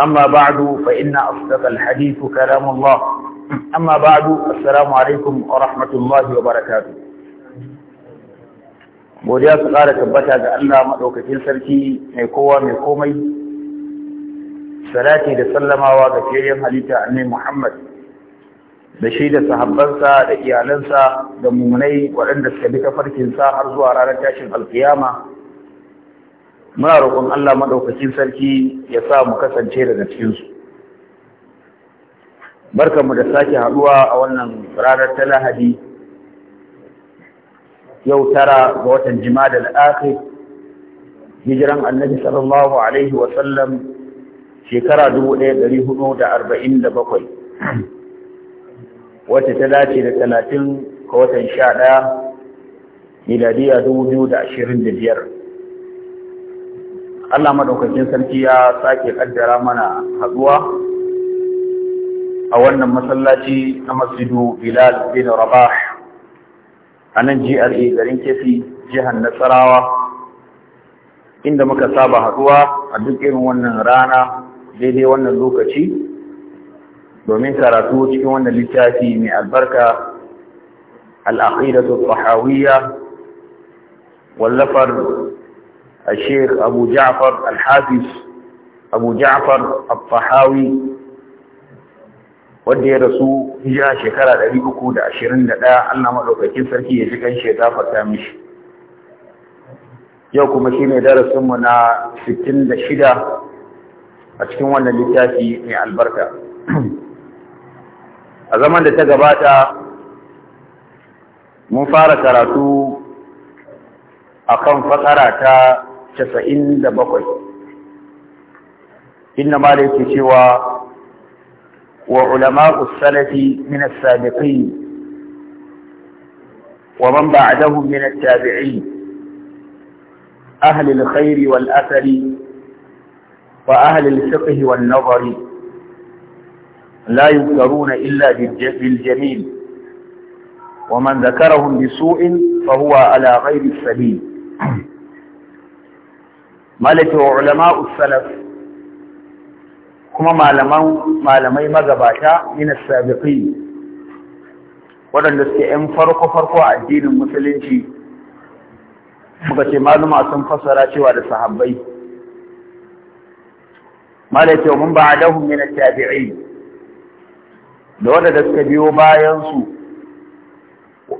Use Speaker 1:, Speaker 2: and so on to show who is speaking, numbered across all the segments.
Speaker 1: أما بعد فإن أصدق الحديث كلام الله أما بعد السلام عليكم ورحمة الله وبركاته godiya su ƙara tabbata ga Allah maɗaukakin sarki mai kowa mai komai salati da sallamawa ga fiyayyen halitta annai Muhammad da shi da sahabbansa da iyalansa da mummunai waɗanda suka bi farkinsa har zuwa ranar tashin alkiyama muna roƙon Allah maɗaukacin sarki ya sa mu kasance daga cikinsu. Barkanmu da sake haɗuwa a wannan ranar ta Lahadi yau tara ga watan Jimada al'akhir hijiran annabi sallallahu Alaihi wasallam shekara dubu ɗaya ɗari hudu da arba'in da bakwai wacce ta dace da talatin ga watan sha ɗaya miladiya dubu biyu da ashirin da biyar. Allah madaukakin sarki ya sake kaddara mana haduwa a wannan masallaci na masjidu Bilal bin Rabah a nan GRA garin Kefi jihar Nasarawa inda muka saba haduwa a duk irin wannan rana daidai wannan lokaci domin karatu cikin wannan littafi mai albarka al-aqidatu tahawiyya wallafar الشيخ أبو جعفر الحافظ أبو جعفر الطحاوي wanda ya rasu hijira shekara 321 Allah madaukakin sarki ya ji kanshi ya gafarta mishi yau kuma shi darasin mu na 66 a cikin wannan littafi mai albarka a zaman da ta gabata mun fara karatu akan fasara ta casa'in da bakwai inna ma da yake cewa wa ulama salafi min as-sabiqin wa man ba'dahum min at-tabi'in ahli al-khair wal athari wa ahli al-fiqh wal nazari la yuzkaruna illa bil jamil ومن ذكرهم بسوء فهو على غير السبيل malaka wa ulama salaf kuma malaman malamai magabata min as-sabiqin waɗanda suke yan farko farko a addinin musulunci suka ce maluma sun fassara cewa da sahabbai malaka ba mun ba'dahum min at-tabi'in da wadanda suka biyo bayan su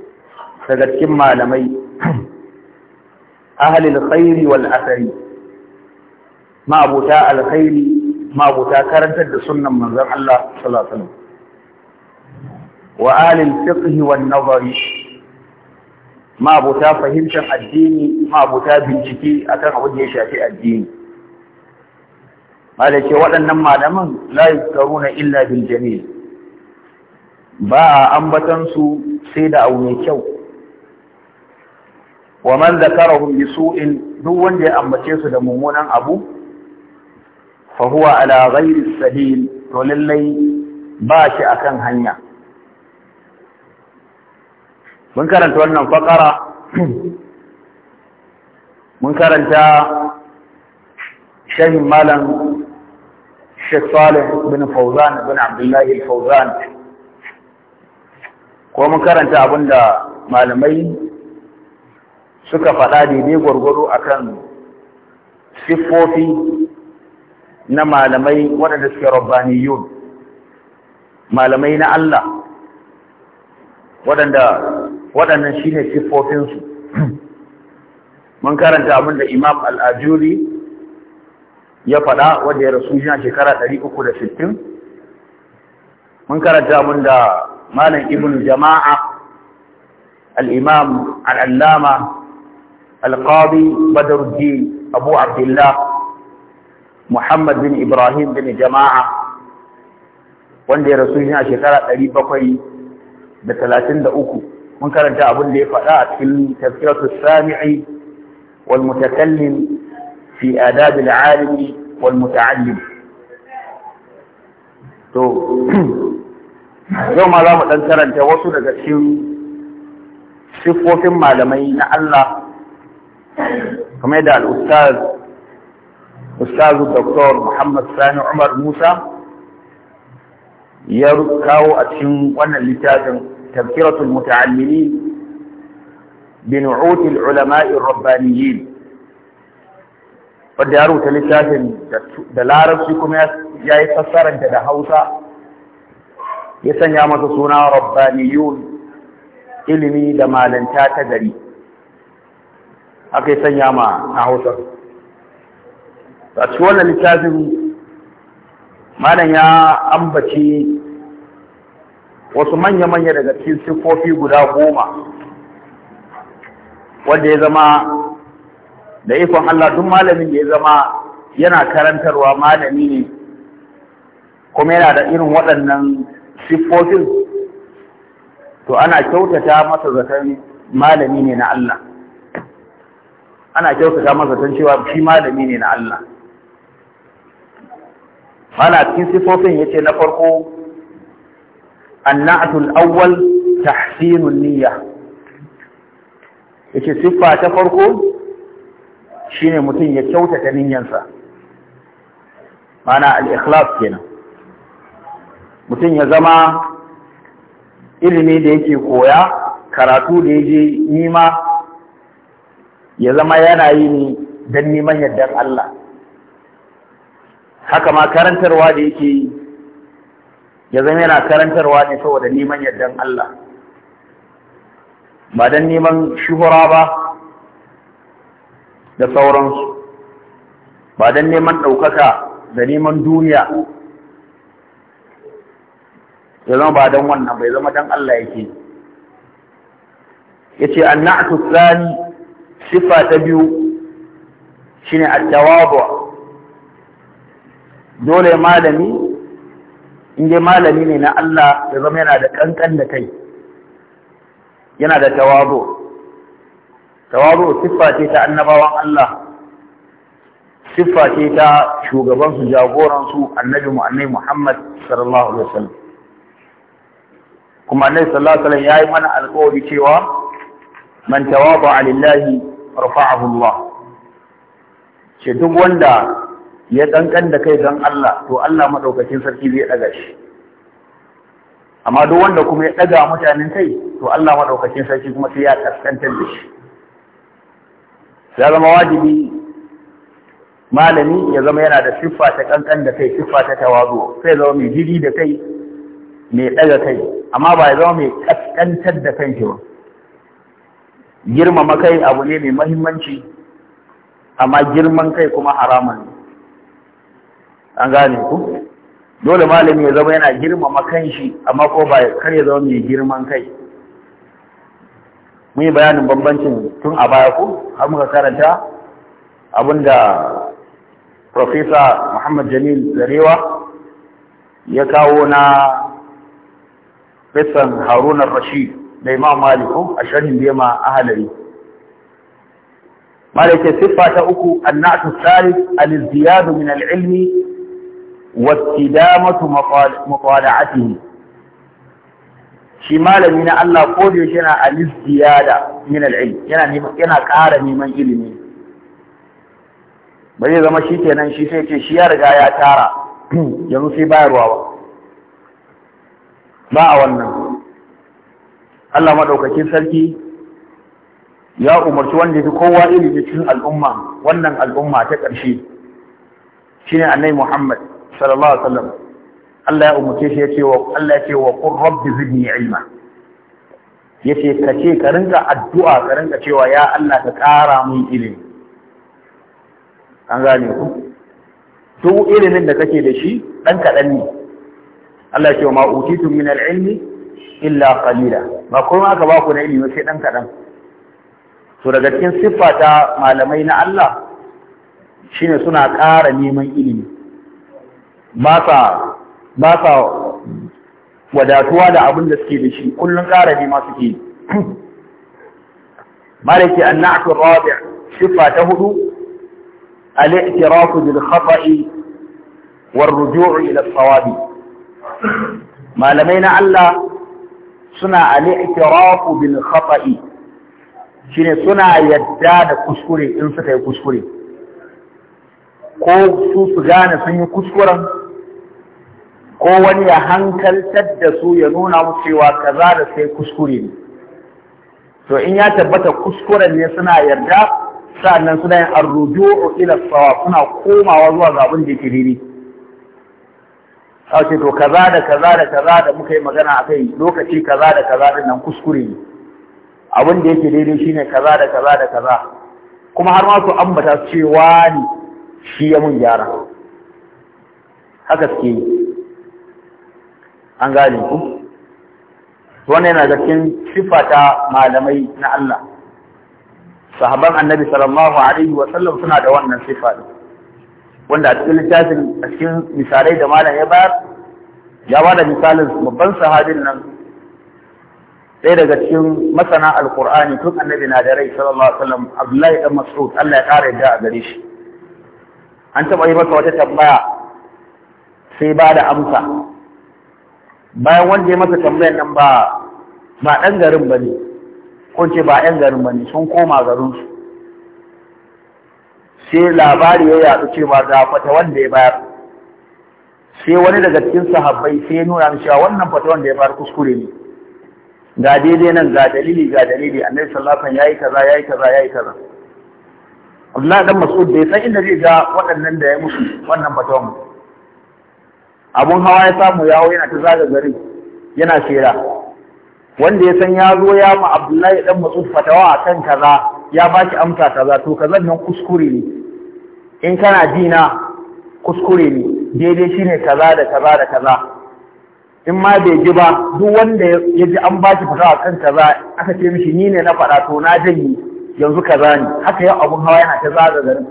Speaker 1: daga cikin malamai ahlul khairi wal asari. ma'abuta alkhairi ma'abuta karantar da sunnan manzon Allah sallallahu alaihi wasallam wa alil fiqh wan nazari ma'abuta fahimtar addini ma'abuta bincike akan abin da ya shafi addini malake waɗannan malaman la yuzkaruna illa bil jamil ba a ambatan su sai da abu mai kyau wa man zakarahum bi su'in duk wanda ya ambace su da mummunan abu fa huwa ala to lallai ba shi akan hanya mun karanta wannan fakara mun karanta shahin malam Sheikh Saleh bin Fauzan bin Abdullahi Fauzan ko mun karanta abinda malamai suka faɗa daidai gwargwaro akan siffofi na malamai waɗanda suke Yun, malamai na Allah waɗanda waɗannan shine siffofinsu mun karanta abin da Imam al ya faɗa wanda ya rasu yana shekara 360 mun karanta abin da Malam Ibn Jama'a Al-Imam Al-Allama Al-Qadi Abu Abdullah Muhammad bin Ibrahim bin Jama'a wanda ya rasu yana shekara ɗari bakwai da talatin da uku mun karanta abin da ya faɗa a cikin tafsiratu sami'i wal mutakallim fi adab al alimi wal muta'allim to yau ma za mu ɗan karanta wasu daga cikin siffofin malamai na Allah kamar da al-ustaz أستاذ الدكتور محمد ثاني عمر موسى يركاو أتشن وانا تذكرة المتعلمين بنعوت العلماء الربانيين قد يارو تلتاز دلارة فيكم يا يتصار انت دهوسا يسن يا مدسونا ربانيون علمي دمال انتا تدري أكي سن يا a cikin littafin malam ya ambaci wasu manya-manya daga cikin siffofi guda goma wanda ya zama da ikon Allah duk malamin da ya zama yana karantarwa malami ne kuma yana da irin waɗannan siffofin to ana kyautata masa zaton malami ne na Allah ana kyautata masa zaton cewa shi malami ne na Allah mana cikin sifofin yace na farko annatu awwal tahsinun niyya yace siffa ta farko shine mutum ya kyautata niyyarsa mana al-ikhlas kenan mutum ya zama ilimi da yake koya karatu da yaje nima ya zama yana yi ni don neman yardar Allah haka ma karantarwa da yake yi ya zama yana karantarwa ne saboda neman yardan Allah ba don neman shuhura ba da sauransu ba don neman ɗaukaka da neman duniya ya zama ba don wannan bai zama don Allah yake ya ce an na'atu tsani sifa ta biyu shine at-tawadu dole malami in dai malami ne na Allah ya zama yana da kankan da kai yana da tawazo tawazo siffa ce ta annabawan Allah siffa ce ta shugaban su jagoran su annabi mu Muhammad sallallahu alaihi wasallam kuma annabi sallallahu alaihi wasallam yayi mana alƙawari cewa man tawaba lillahi rafa'ahu Allah ce duk wanda ya kankan da kai don Allah to Allah maɗaukacin sarki zai ɗaga shi amma duk wanda kuma ya ɗaga mutanen kai to Allah maɗaukacin sarki kuma sai ya kaskantar da shi ya zama wajibi malami ya zama yana da siffa ta ƙanƙan da kai siffa ta tawazu sai zama mai jiri da kai mai ɗaga kai amma ba ya zama mai kaskantar da kanki ba girmama kai abu ne mai mahimmanci amma girman kai kuma haramun ne an gane ku dole malami ya zama yana girmama kanshi amma ko ba kar ya zama mai girman kai mun yi bayanin bambancin tun a baya ku? har muka karanta abinda Profesa Muhammad Jamil Zarewa ya kawo na Fesan Haruna rashid da Imam Malik a sharhin da ahalari Malik siffa ta uku annatu salif al min alilmi ilmi واستدامة مطالعته shi malami na Allah ko da yake yana al da min al yana yana ƙara neman ilimi ba zai zama shi kenan shi sai ce shi ya riga ya tara yanzu sai bayarwa ba ba a wannan Allah maɗaukakin sarki ya umarci wanda ya kowa ilimi cikin al'umma wannan al'umma ta ƙarshe shine annabi Muhammad sallallahu alaihi wasallam Allah ya umarce shi yace wa Allah yace wa qur rabbi zidni ilma yace ka ce ka rinka addu'a ka rinka cewa ya Allah ka ƙara min ilimi an gane ku duk ilimin da kake da shi dan kaɗan ne Allah ya ce ma utitum min al-ilmi illa qalila ba kuma aka ba ku na ilimi sai dan kaɗan to daga cikin siffa ta malamai na Allah shine suna ƙara neman ilimi ba sa wadatuwa da abin da suke da shi kullum ƙara ne masu ke malaki an na'atu rabi sifa ta hudu al-i'tirafu bil khata'i war ruju'u ila sawabi malamai na Allah suna al-i'tirafu bil khata'i shine suna yadda da kuskure in suka yi kuskure ko su su gane sun yi kuskuren ko wani ya hankaltar da su ya nuna mu cewa kaza da sai kuskure ne to in ya tabbata kuskuren ne suna yarda sa'annan suna yin arruju'u ila sawa suna komawa zuwa ga abin da ke daidai ce to kaza da kaza da kaza da muka yi magana a kai lokaci kaza da kaza din nan kuskure ne abin da yake daidai shine kaza da kaza da kaza kuma har ma su ambata cewa ne shi ya mun gyara haka suke yi an gane ku wannan yana da cikin sifata malamai na Allah sahaban annabi sallallahu alaihi wa sallam suna da wannan sifa wanda a cikin littafin a cikin misalai da malam ya bayar ya bada misalin babban sahabin nan ɗaya daga cikin masana alkur'ani tun annabi na da rai sallallahu alaihi wa sallam abdullahi dan mas'ud Allah ya ƙara yadda a gare shi an taɓa yi masa wata tambaya sai bada amsa bayan wanda ya masa tambayar nan ba ba ɗan garin ba ne ko ce ba ɗan garin ba ne sun koma garinsu sai labari ya yaɗu cewa ga fata wanda ya bayar sai wani daga cikin sahabbai sai ya nuna ni cewa wannan fata wanda ya bayar kuskure ne ga daidai nan ga dalili ga dalili annabi sallallahu alaihi wasallam yayi kaza yayi kaza yayi kaza Allah dan Mas'ud bai san inda zai ga waɗannan da ya musu wannan fatawan abun hawa ya samu yawo yana ta zaga gari yana shera wanda ya san ya zo ya ma Abdullahi dan Mas'ud fatawa akan kaza ya ba ki amsa kaza to kaza nan kuskure ne in kana dina kuskure ne daidai shine kaza da kaza da kaza in ma bai ji ba duk wanda ya ji an ba shi fatawa akan kaza aka ce mishi ni ne na faɗa to na janyi yanzu kaza ne haka yau abun hawa yana ta zaga garin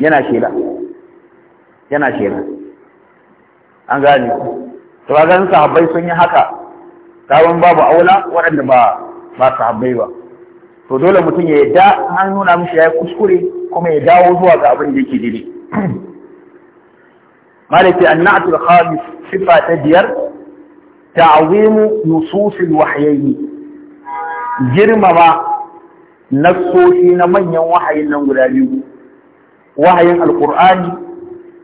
Speaker 1: yana shera yana shera an gane to ga ganin sahabbai sun yi haka kawon babu aula waɗanda ba ba sahabbai ba to dole mutum ya yadda an nuna mishi ya yi kuskure kuma ya dawo zuwa ga abin da yake daidai malaki annatul khamis sifa ta biyar ta'zimu nususil wahyayi girmama nassoshi na manyan wahayin nan guda biyu wahayin alqur'ani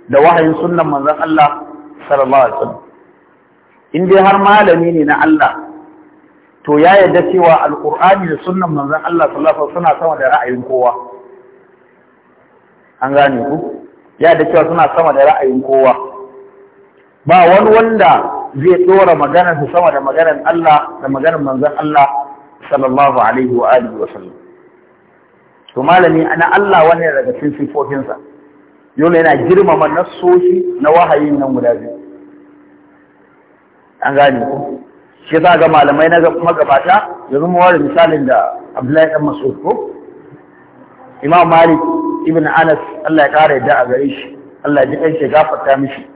Speaker 1: da wahayin sunnan manzon Allah sallallahu alaihi wasallam in dai har malami ne na Allah to ya yarda cewa alqur'ani da sunnan manzon Allah sallallahu alaihi wasallam suna sama da ra'ayin kowa an gane ku ya yarda cewa suna sama da ra'ayin kowa ba wani wanda zai dora maganar su sama da maganar Allah da maganar manzon Allah sallallahu alaihi wa alihi wasallam to malami ana Allah wannan daga cikin sifofinsa Yau yana girmama nasoshi na wahayin nan guda biyu an gane ko shi za ga malamai na magabata yanzu mu ware misalin da Abdullahi dan Mas'ud ko Imam Malik ibn Anas Allah ya kare da a gare shi Allah ya ji kai gafarta mishi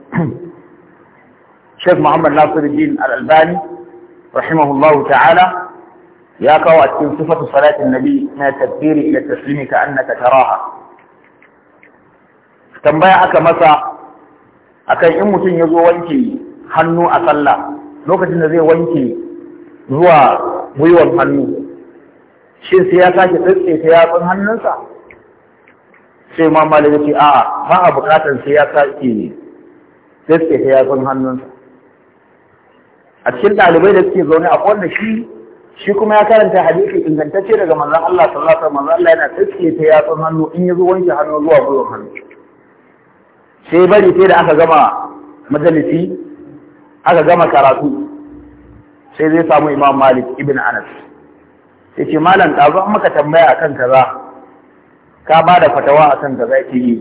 Speaker 1: shek Muhammad Nasiruddin Al-Albani rahimahullahu ta'ala ya kawo a cikin sifatu salatin nabi na takbiri ila taslimi ka annaka taraha tambaya aka masa akan in mutum ya zo wanke hannu a sallah lokacin da zai wanke zuwa gwiwar hannu shin sai ya sake tsitse ta yatsun hannunsa sai ma malik ya ce a'a ba a bukatar sai ya sake tsitse ta yatsun hannunsa a cikin ɗalibai da suke zaune a wanda shi shi kuma ya karanta hadisi ingantacce daga manzon Allah sallallahu alaihi wasallam manzon Allah yana tsitse ta yatsun hannu in ya zo wanke hannu zuwa gwiwar hannu sai bari sai da aka gama majalisi aka gama karatu sai zai samu imam malik ibn anas sai ce malam ɗazu an maka tambaya a kan kaza ka ba da fatawa a kan kaza ya yi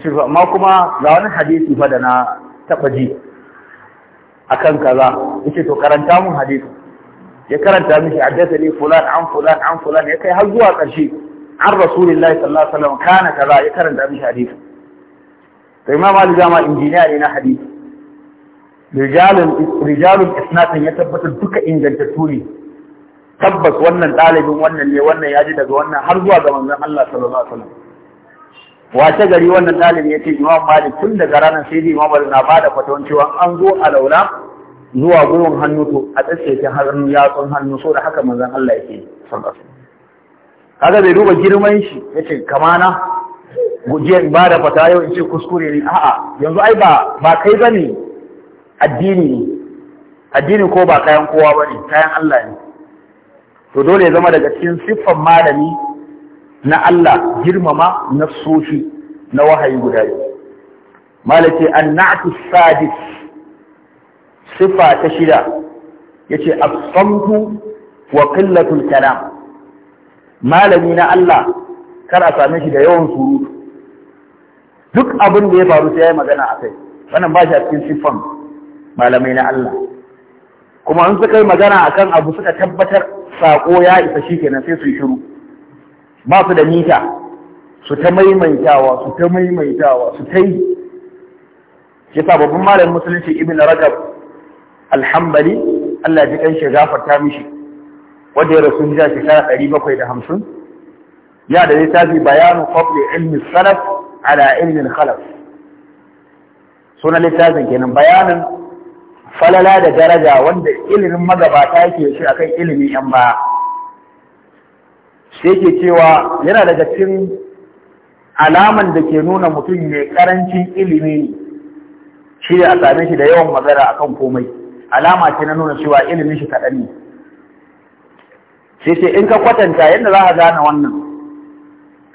Speaker 1: ce amma kuma ga wani hadisi fa da na taɓa ji kan kaza yace to karanta mun hadisi ya karanta mishi ne fulan an fulan an fulan ya kai har zuwa ƙarshe an rasulullahi sallallahu alaihi wasallam kana kaza ya karanta mishi hadisi da imam ali dama injiniya ne na hadisi rijalun rijalun isnadin ya tabbatar duka ingantattu ne tabbas wannan ɗalibin wannan ne wannan ya ji daga wannan har zuwa ga manzon Allah sallallahu alaihi wasallam wace gari wannan ɗalibin ya ce imam malik tun daga ranar sai dai imam na bada fatawan cewa an zo a laula zuwa gurin hannu to a tsatsaice hannu yatsun hannu so da haka manzon Allah yake sallallahu alaihi wasallam kaga bai duba girman shi yace kamana gujiyar ba da fata yau in ce kuskure ne a'a yanzu ai ba ba kai bane addini ne addini ko ba kayan kowa bane kayan Allah ne to dole ya zama daga cikin siffan malami na Allah girmama na soshi na wahayi guda biyu malaki annatu sadis siffa ta shida yace as-samtu wa qillatul kalam malami na Allah kar a same shi da yawan surutu duk abin da ya faru sai ya yi magana a kai wannan ba shi a cikin siffan malamai na Allah kuma an suka yi magana akan abu suka tabbatar sako ya isa shi kenan sai su yi shiru ba su da mita su ta maimaitawa su ta maimaitawa su ta yi shi sa malamin musulunci ibn rajab alhambali Allah ji kan shi gafarta mishi wanda ya rasu hijira shekara ɗari bakwai da hamsin ya da littafi bayanu qabli ilmi salaf ala ilimin khalaf sunan littafin kenan bayanin falala da daraja wanda ilimin magabata ke shi akan ilimin yan baya sai ke cewa yana daga cikin alaman da ke nuna mutum mai karancin ilimi shi da a same shi da yawan magana akan komai alama ce na nuna cewa ilimin shi kaɗan ne sai sai in ka kwatanta yadda za a gane wannan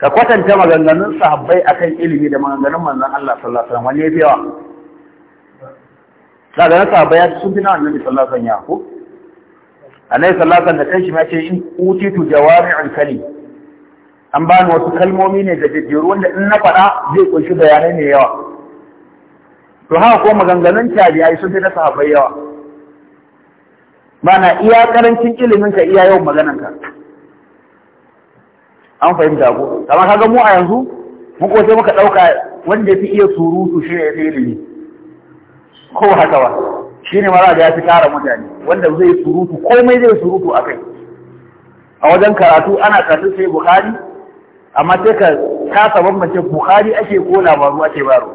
Speaker 1: ka kwatanta maganganun sahabbai akan ilimi da maganganun manzon Allah sallallahu alaihi wasallam wani yawa Da nan sahabbai ya sun fi na annabi sallallahu alaihi wasallam ya ko annabi sallallahu alaihi wasallam da kanshi ma ce in utitu jawami'ul kalim an bani wasu kalmomi ne da jajjeru wanda in na faɗa zai kunshi bayanai ne yawa to haka ko maganganun tabi'ai sun fi na sahabbai yawa ba na iya karancin ilimin ka iya yawan ka. an fahimta ko amma kaga mu a yanzu mu ko sai muka dauka wanda yafi iya surutu shi ne sai ilimi ko haka ba shi ne mara da ya fi kara mutane wanda zai surutu komai zai surutu a kai a wajen karatu ana karatu sai bukhari amma sai ka saban mace bukhari ake ko labaru ake baro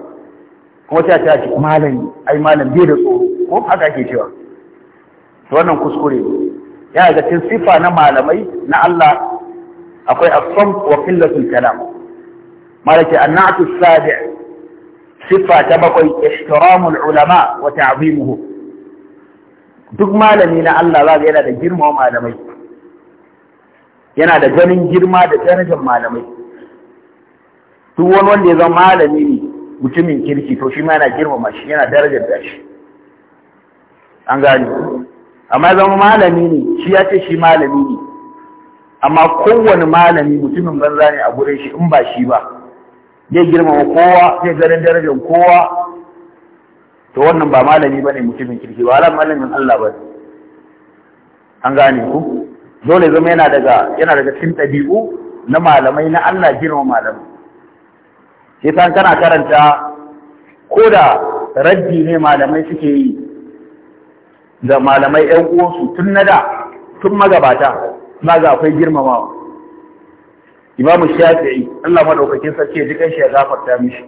Speaker 1: kuma ta ta ce malam ai malam bai da tsoro ko haka ake cewa to wannan kuskure ne ya ga cikin sifa na malamai na Allah akwai asam wa qillatul kalam malaki annatu sabi sifa ta bakwai ihtiramul ulama wa ta'zimuhu duk malami na Allah zaka yana da girma malamai yana da ganin girma da darajar malamai duk wani wanda ya zama malami ne mutumin kirki to shi ma yana girmama shi yana darajar da shi an gane amma zama malami ne shi ya ce shi malami ne amma kowane malami mutumin banza ne a gurin shi in ba shi ba zai girmama kowa zai ganin darajar kowa to wannan ba malami bane mutumin kirki ba ala malamin Allah ba an gane ku dole zama yana daga yana daga cikin ɗabi'u na malamai na Allah girma malamai sai san kana karanta ko da raddi ne malamai suke yi da malamai ƴan uwansu tun na da tun magabata ma ga akwai girmamawa imamu shafi'i Allah madaukakin sarki duk shi ya gafarta mishi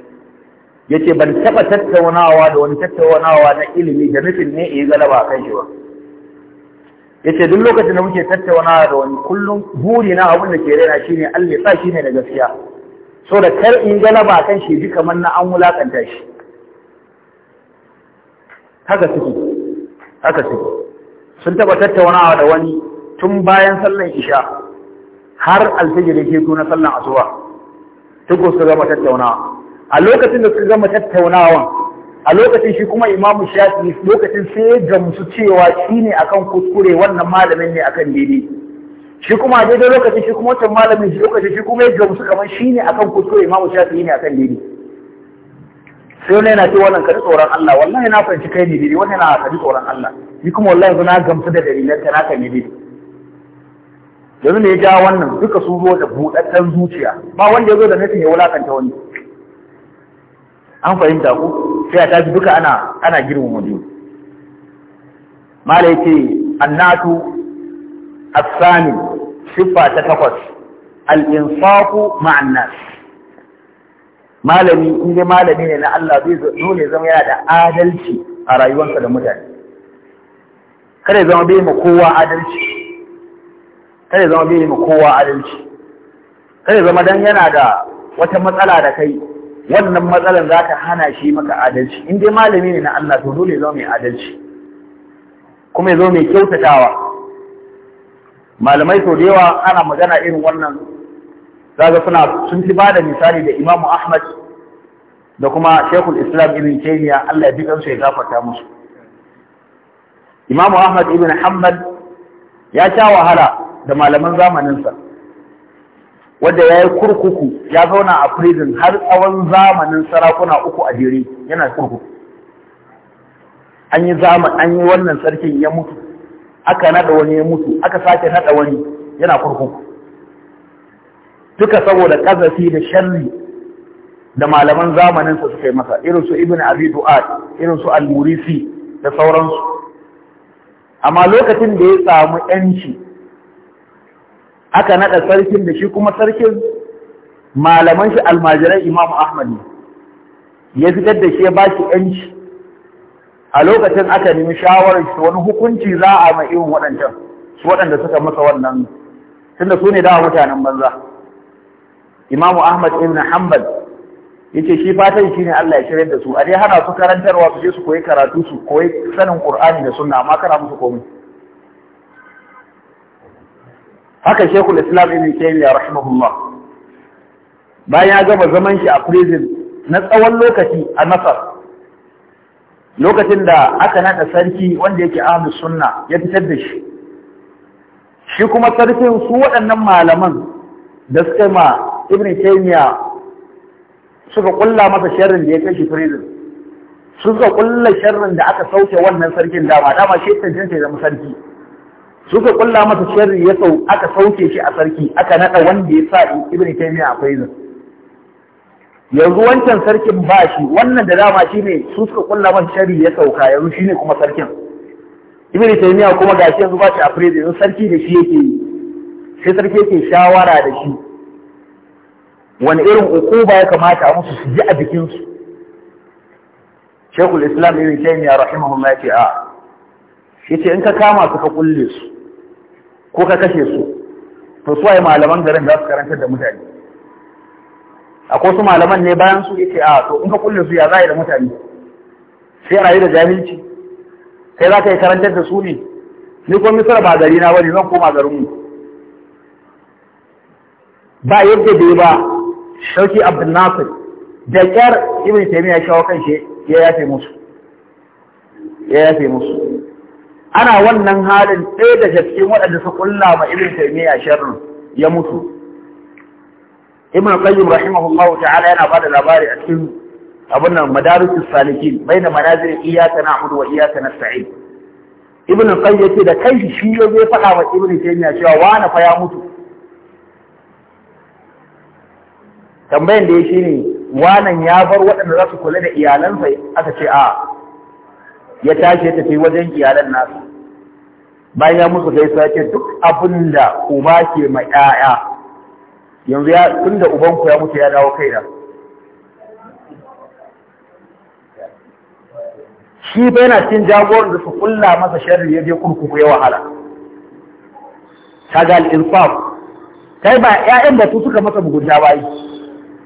Speaker 1: yace ban taba tattaunawa da wani tattaunawa na ilimi da nufin ne yi galaba kan shi ba yace duk lokacin da muke tattaunawa da wani kullum buri na abin da ke raina shine Allah ya sa shine da gaskiya so da kar in galaba kan shi duka kamar na an wulakanta shi haka suke haka suke sun taba tattaunawa da wani tun bayan sallan isha har alfijir yake to na sallan asuba tuko su gama tattaunawa a lokacin da suka gama tattaunawa a lokacin shi kuma imamu shafi lokacin sai ya gamsu cewa shi ne akan kuskure wannan malamin ne akan daidai shi kuma daidai lokacin shi kuma wancan malamin shi lokacin shi kuma ya gamsu kamar shi ne akan kuskure imamu shafi ne akan daidai sai wani yana ce wannan ka tsoron Allah wallahi na fahimci kai ne daidai wannan yana ka tsoron Allah ni kuma wallahi yanzu na gamsu da dalilan ka na kan daidai yanzu ne ya ja wannan duka sun zo da buɗaɗɗen zuciya ba wanda ya zo da nufin ya wulakanta wani an fahimta ku sai a tafi duka ana ana girmama wani mala yake annatu asani siffa ta takwas alinsafu insafu ma'an malami in dai malami ne na Allah zai zo dole zama yana da adalci a rayuwarsa da mutane kada zama bai ma kowa adalci kai zama biyu ma kowa adalci kai zama dan yana da wata matsala da kai wannan matsalar za ta hana shi maka adalci in dai malami ne na Allah to dole zama mai adalci kuma ya zo mai kyautatawa malamai sau da yawa ana magana irin wannan zaga suna sun fi bada misali da Imam Ahmad da kuma Sheikhul Islam Ibn Taymiyyah Allah ya bi kansu ya gafarta musu Imam Ahmad Ibn hammad ya sha wahala da malaman zamaninsa wanda ya yi kurkuku ya zauna a prison har tsawon zamanin sarakuna uku a jere yana kurkuku an yi an yi wannan sarkin ya mutu aka nada wani ya mutu aka sake nada wani yana kurkuku duka saboda kazafi da sharri da malaman zamaninsa suka yi masa irin su ibn abi du'ad irin su al-murisi da sauransu amma lokacin da ya samu yanci aka naɗa sarkin da shi kuma sarkin malaman shi almajirai imamu ahmad ne ya fitar da shi ya ba shi ‘yanci a lokacin aka nemi shawarar shi wani hukunci za a ma irin waɗancan su waɗanda suka masa wannan tunda su ne dawa mutanen banza imamu ahmad ibn hanbal ya ce shi fatan shi ne Allah ya shirya da su a dai hana su karantarwa su je su koyi karatu su koyi sanin ƙur'ani da sunna amma kana musu komai haka shekul islam ibn taymiya rahimahullah bayan ya gama zaman shi a prison na tsawon lokaci a Nasar, lokacin da aka naɗa sarki wanda yake ahlus sunna ya fitar da shi shi kuma sarkin su waɗannan malaman da suka ma ibn taymiya suka kulla masa sharrin da ya kai shi prison suka kulla sharrin da aka sauke wannan sarkin dama dama shi tantance da sarki suka kulla masa sharri ya sau aka sauke shi a sarki aka nada wanda ya sa ibn taymiya a prison yanzu wancan sarkin ba shi wannan da dama shi ne su suka kulla masa sharri ya sauka yanzu shi ne kuma sarkin ibn taymiya kuma shi yanzu ba shi a prison yanzu sarki da shi yake sai sarki yake shawara da shi wani irin ukuba ya kamata a musu su ji a jikinsu shekul islam ibn taymiya rahimahullah ya ce a yace in ka kama su ka kulle su ko ka kashe su to su waye malaman garin za su karantar da mutane akwai su malaman ne bayan su yake a ah, to in ka kulle su ya za da mutane sai rayu da jahilci sai za ka yi karantar da su ne ni ko misar ba gari na bane zan koma garin mu ba yadda bai ba shauki abdul nasir da kyar ibn taymiya shawo shi ya yafe musu ya yafe musu ana wannan halin ɗaya da jaskin waɗanda su kulla ma ibn a sharrin ya mutu ibn qayyim rahimahullahu ta'ala yana ba da labari a cikin abin nan madarisus salikin baina manazir iyyaka na'budu wa iyyaka nasta'in ibn ya ce da kai shi ya zai faɗa wa ibn taymiya cewa wani fa ya mutu tambayan da ya shi ne wanan ya bar waɗanda za su kula da iyalansa aka ce a ya tashi ya tafi wajen iyalan nasu. bayan ya musu gaisuwa ce duk abin da uba ke ma 'ya'ya yanzu ya tunda ubanku ya mutu ya dawo da shi fa yana cin jagoran da su kulla masa sharri ya je kurkuku ya wahala kaga al-insaf kai ba ƴaƴan ba su suka masa mugunta ba yi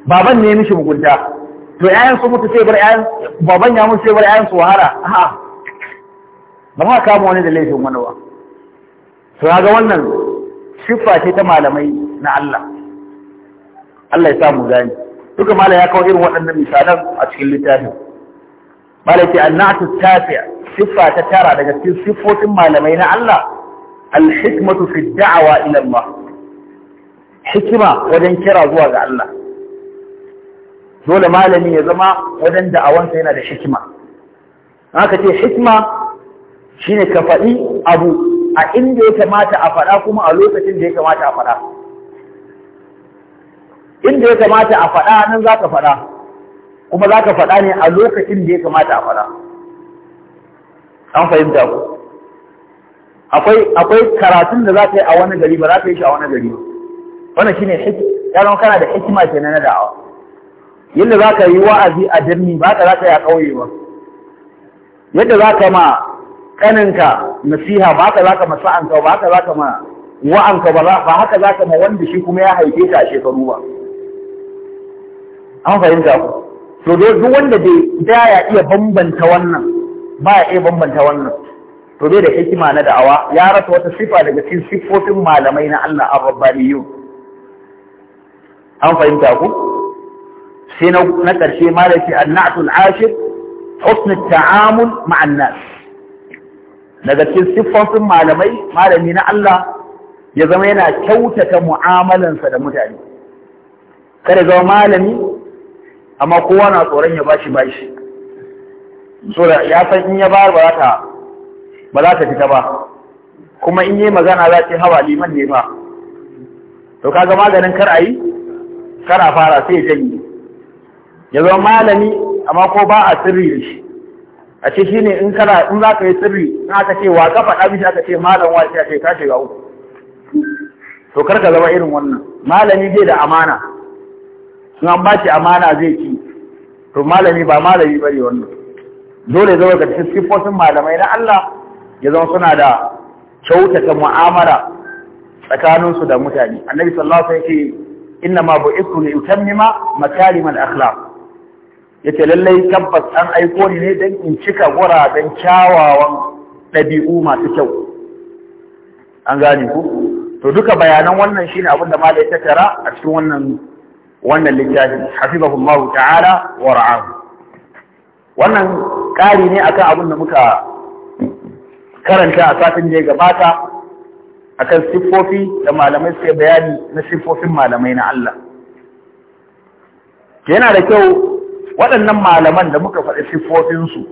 Speaker 1: baban ne ya mishi mugunta to ƴaƴan su mutu sai bar ƴaƴan baban ya mutu sai bar ƴaƴan su wahala a'a ba za kama wani da laifin wani ba su ga wannan siffa ce ta malamai na Allah Allah ya samu gani duka malam ya kawo irin waɗannan misalan a cikin littafin malam ce annatu tafiya siffa ta tara daga cikin siffofin malamai na Allah alhikmatu fi da'awa ila Allah hikima wajen kira zuwa ga Allah dole malami ya zama wajen da'awansa yana da hikima haka ce hikima Shi ne ka faɗi abu a inda ya kamata a faɗa kuma a lokacin da ya kamata a faɗa inda ya kamata a faɗa nan za ka faɗa kuma za ka faɗa ne a lokacin da ya kamata a faɗa an fahimta ku akwai akwai karatun da za ka yi a wani gari ba za ka yi shi a wani gari shi shine yaron kana da hikima kenan na da'awa yadda za ka yi wa'azi a birni ba ka za ka yi a ƙauye ba yadda za ka ma kaninka nasiha ba haka ka ma sa'anka ba haka ka ma wa'anka ba ba haka ka ma wanda shi kuma ya haife ka a shekaru ba an fahimta ku to duk wanda bai ya iya bambanta wannan ba ya iya bambanta wannan to dai da hikima na da'awa ya rasa wata sifa daga cikin siffofin malamai na Allah ar-rabbaniyun an fahimta ku sai na karshe malaki an-na'tul ashir husn taamul ma'an nas daga cikin siffofin malamai malami na Allah ya zama yana kyautata mu'amalansa da mutane kada zama malami amma kowa na tsoron ya bashi bashi so da ya san in ya bayar ba za ta ba za ta fita ba kuma in yi magana za ce hawa liman ne ba to kaga maganin kar a yi kar a fara sai janye ya zama malami amma ko ba a sirri da shi a ce shine in kana in za ka yi sirri in aka ce wa ka faɗa mishi aka ce malam wa sai ce ka shiga uku to kar ka zama irin wannan malami zai da amana in an baci amana zai ci to malami ba malami bane wannan dole zama ga siffofin malamai na Allah ya zama suna da kyautata mu'amala tsakaninsu da mutane annabi sallallahu alaihi wasallam inna ma bu'ithu li utammima makarimal akhlaq yace lallai tabbas an aiko ni ne dan in cika guraben kyawawan ɗabi'u masu kyau an gane ku to duka bayanan wannan shine abin da malai ta tara a cikin wannan wannan littafin hafizahullahu ta'ala wa ra'ahu wannan ƙari ne akan abin da muka karanta a satin da ya gabata akan siffofi da malamai suke bayani na siffofin malamai na Allah yana da kyau waɗannan malaman da muka faɗi siffofinsu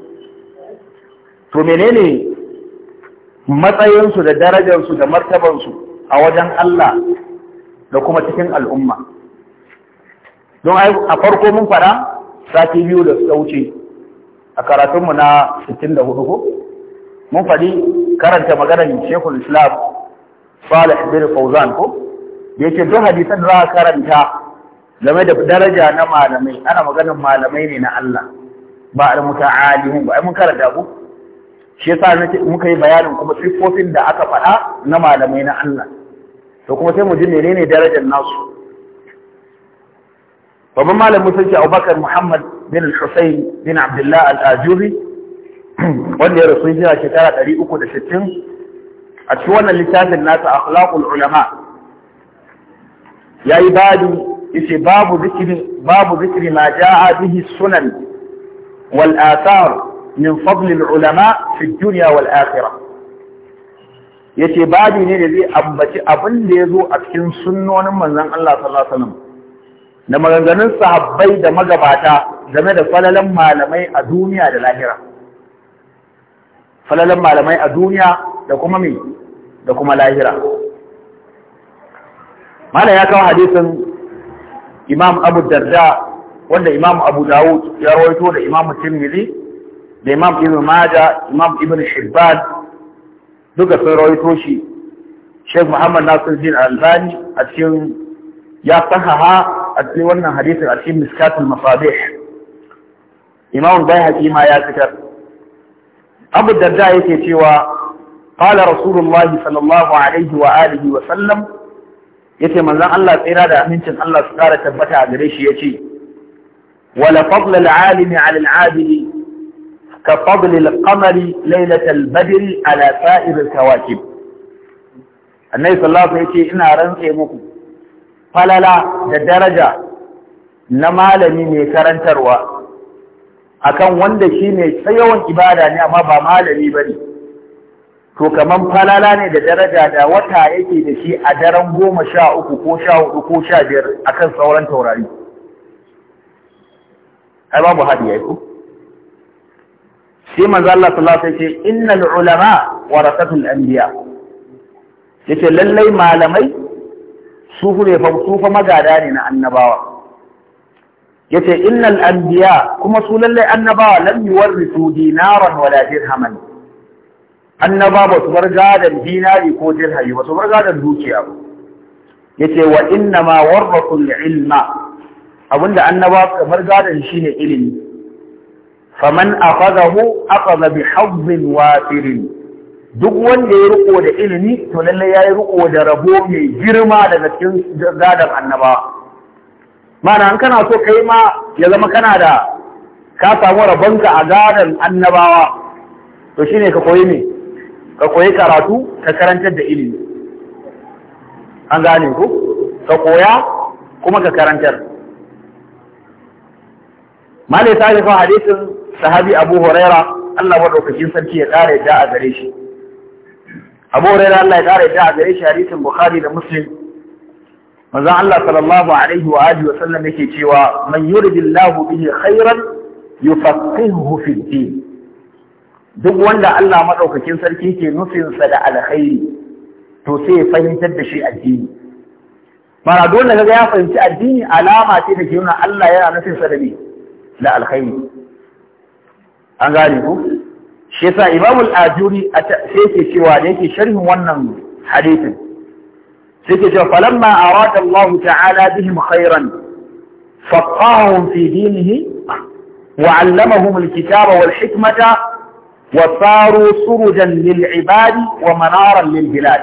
Speaker 1: to menene matsayinsu da darajarsu da martabansu a wajen Allah da kuma cikin al'umma don a farko mun fara sati biyu da suka wuce a karatunmu na 64 ko mun faɗi karanta maganar shekul islam salih bin fauzan ko da yake duk hadisan za a karanta game da daraja na malamai ana maganin malamai ne na Allah ba al-muta'alimin ba ai mun karanta ku shi yasa muka yi bayanin kuma sifofin da aka faɗa na malamai na Allah to kuma sai mu ji menene darajar nasu babban malamin musulunci Abubakar Muhammad bin Hussein bin Abdullah al-Ajuri wanda ya rasu jira shekara 360 a cikin wannan littafin nasa akhlaqul ulama yayi babu yace babu zikri babu zikri ma jaa bihi sunan wal athar min fadl al ulama fi dunya wal akhirah yace babu ne da zai ambaci abin da yazo a cikin sunnonin manzon Allah sallallahu alaihi wasallam da maganganun sahabbai da magabata game da falalan malamai a duniya da lahira falalan malamai a duniya da kuma me da kuma lahira Malam ya kawo hadisin imam abu darda wanda imam abu dawud ya rawaito da imam tirmidhi da imam ibn maja imam ibn shibban duka sun rawaito shi sheikh muhammad nasiruddin albani a cikin ya sahaha a cikin wannan hadisin a cikin miskatul masadih imam bayhaqi ma ya cikar. abu darda yake cewa قال رسول الله صلى الله عليه وآله وسلم yace manzon Allah tsira da amincin Allah su kara tabbata a gare shi yace wala fadl al-alimi 'ala al-'abidi ka fadl al-qamari laylat al-badr 'ala sa'ir al-kawakib annabi sallallahu alaihi yace ina rantse muku falala da daraja na malami mai karantarwa akan wanda shi shine tsayawan ibada ne amma ba malami bane to kaman falala ne da daraja da wata yake da shi a daren goma sha uku ko sha hudu ko sha biyar akan sauran taurari ai babu hadi ya ko sai manzo Allah sallallahu alaihi wasallam innal ulama warasatul anbiya yace lallai malamai su ne fa su fa magada ne na annabawa yace innal anbiya kuma su lallai annabawa lam yuwarrisu dinaran wala dirhaman annaba ba su bar gadon dinari ko dirhami ba su bar gadon dukiya ba yace wa inna ma warrasul ilma abinda annaba su bar gadon shine ilimi faman akhadahu akhadha bi hazzin wafirin duk wanda ya riko da ilimi to lalle yi riko da rabo mai girma daga cikin gadon annaba mana an kana so kai ma ya zama kana da ka samu rabonka a gadon annabawa to shine ka koyi ne ka koyi karatu ka karantar da ilimi an gane ku ka koya kuma ka karantar malai ta rufa hadisin sahabi abu huraira Allah madaukakin sarki ya ƙara da a gare shi abu huraira Allah ya ƙara da a gare shi hadisin bukhari da muslim manzon Allah sallallahu alaihi wa alihi wa sallam yake cewa man yuridillahu bihi khairan yufaqihuhu fid din duk wanda Allah maɗaukakin sarki ke nufinsa da alkhairi to sai ya fahimtar da shi addini Maradona kaga ya fahimci addini alama ce da nuna Allah yana nufinsa da ne da alkhairi an gane ku shi yasa Imam al-Ajuri sai ke cewa da yake sharhin wannan hadisin sai ke cewa falamma arada Allah ta'ala bihim khairan faqahum fi dinihi wa 'allamahum al-kitaba wal hikmata وصاروا سرجا للعباد ومنارا للبلاد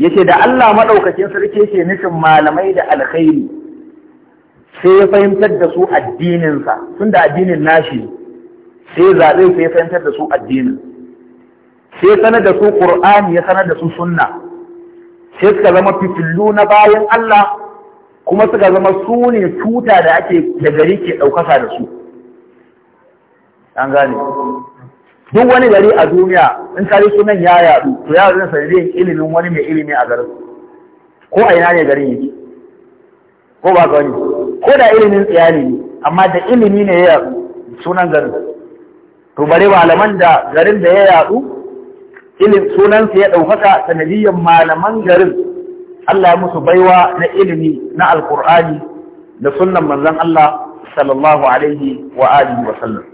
Speaker 1: yake da Allah madaukakin sarki yake nufin malamai da alkhairi sai ya fahimtar da su addinin sa tunda addinin nashi sai zabe sai ya fahimtar da su addinin sai sanar da su Qur'ani ya sanar da su sunna sai suka zama fitillu na bayan Allah kuma suka zama su ne tuta da ake da gari ke ɗaukaka da su. An gane. duk wani gari a duniya in ka sunan ya yadu, to ya yaɗu sanadiyar ilimin wani mai ilimi a garin ko a ina ne garin yake ko ba gani ko da ilimin tsiyani ne amma da ilimi ne ya yadu, sunan garin to bare malaman da garin da ya yadu, ilim sunansa ya ɗaukaka sanadiyar malaman garin Allah ya musu baiwa na ilimi na alkur'ani da sunnan manzon Allah sallallahu alaihi wa alihi wa sallam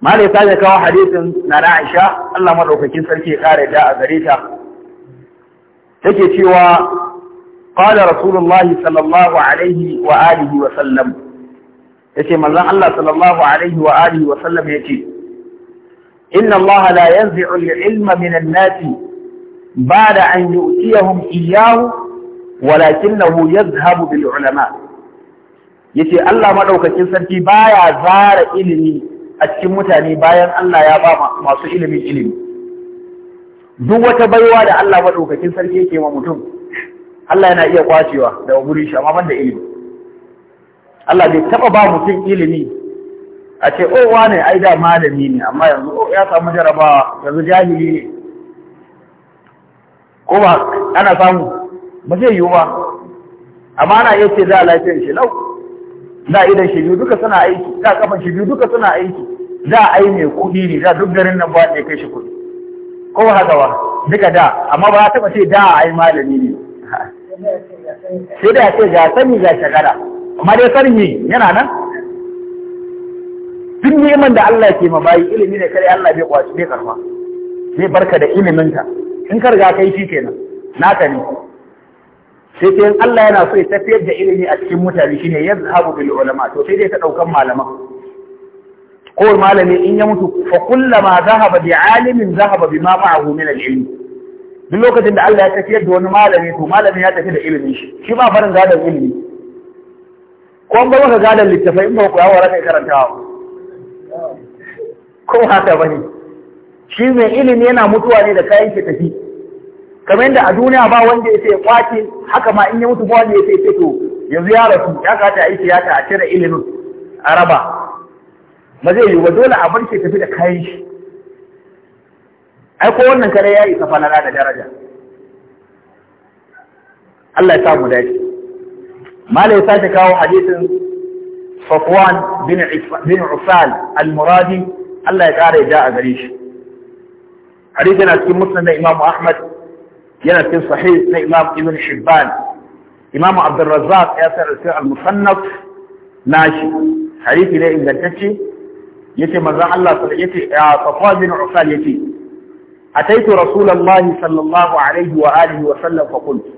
Speaker 1: mala ta sake kawo hadisin na Aisha Allah madaukakin sarki ya kare da a gare ta take cewa qala rasulullahi sallallahu alaihi wa alihi wa sallam yace manzon Allah sallallahu alaihi wa alihi wa sallam yace inna Allah la yanzi'u al-ilma min an-nasi ba'da an yu'tiyahum iyyahu walakinahu yadhhabu bil ulama yace Allah madaukakin sarki baya zara ilimi a cikin mutane bayan Allah ya ba masu ilimin ilimi duk wata baiwa da Allah maɗaukakin sarki yake wa mutum Allah yana iya kwacewa da wuri shi amma banda ilimi Allah bai taɓa ba mutum ilimi a ce o oh, wane ai da malami ne amma yanzu o oh, ya samu jarabawa yanzu jahili ne ko ba ana samu ba zai yiwu ba amma ana iya ce za a lafiyar shi lau da idan shi biyu duka suna aiki da kafan shi biyu duka suna aiki za a yi mai kuɗi ne za duk garin nan ba ne kai shi kuɗi ko ba haka ba duka da amma ba ta sai da a yi malami ne sai da ce ga sani ga shagara amma dai sani yana nan duk neman da Allah ke ma bayi ilimi ne kare Allah bai kwaci bai karfa barka da iliminka in ka riga kai shi kenan naka ne sai sai Allah yana so ya tafiyar da ilimi a cikin mutane shine yazhabu bil ulama to sai dai ta daukan malaman ko malami in ya mutu fa kullama zahaba bi alimin zahaba bima ma'ahu min al-ilm duk lokacin da Allah ya tafiyar da wani malami to malamin ya tafi da ilimin shi shi ba farin gadon ilimi ko an bar maka gadon littafai in ba ku yawo raka karantawa ko haka bane shi mai ilimi yana mutuwa ne da kayan ke tafi kamar yadda a duniya ba wanda ya ce kwace haka ma in ya mutu ba wanda ya ce to yanzu ya rasu ya kata aiki ya ta a cire ilimin a raba ba zai yi ba dole a bar tafi da kayan shi ai ko wannan kare ya isa falala da daraja Allah ya samu dace mala ya sake kawo hadisin Safwan bin Usal al-Muradi Allah ya kare da a gare shi hadisi yana cikin musnad na Imam Ahmad yana cikin sahih na Imam Ibn Shibban. Imam Abdul Razzaq ya sanar al-Musannaf nashi hadisi ne ingantacce yace manzon Allah yace Safwan bin Usal yace ataitu Rasulullah sallallahu alaihi wa alihi wa sallam fa qultu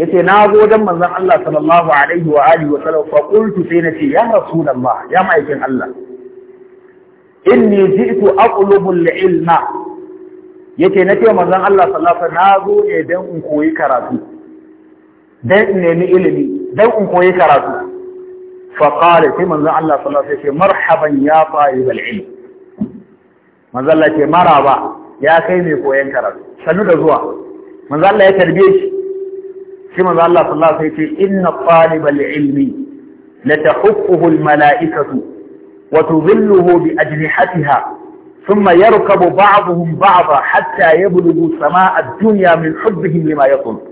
Speaker 1: yace na zo dan manzon Allah sallallahu alaihi wa alihi wa sallam fa qultu sai nace ya Rasulullah ya ma'aikin Allah inni ji'tu aqlubu al-ilma yace nace manzon Allah sallallahu alaihi na zo ne dan in koyi karatu dan in nemi ilimi dan in koyi karatu فقال في من الله صلى الله عليه وسلم مرحبا يا طالب العلم من الله يقول مرحبا يا كيمي كوين كرب سنو دزوا من الله يقول في من الله صلى الله عليه وسلم إن الطالب العلم لتحقه الملائكة وتظله بأجنحتها ثم يركب بعضهم بعضا حتى يبلغوا سماء الدنيا من حبهم لما يطلق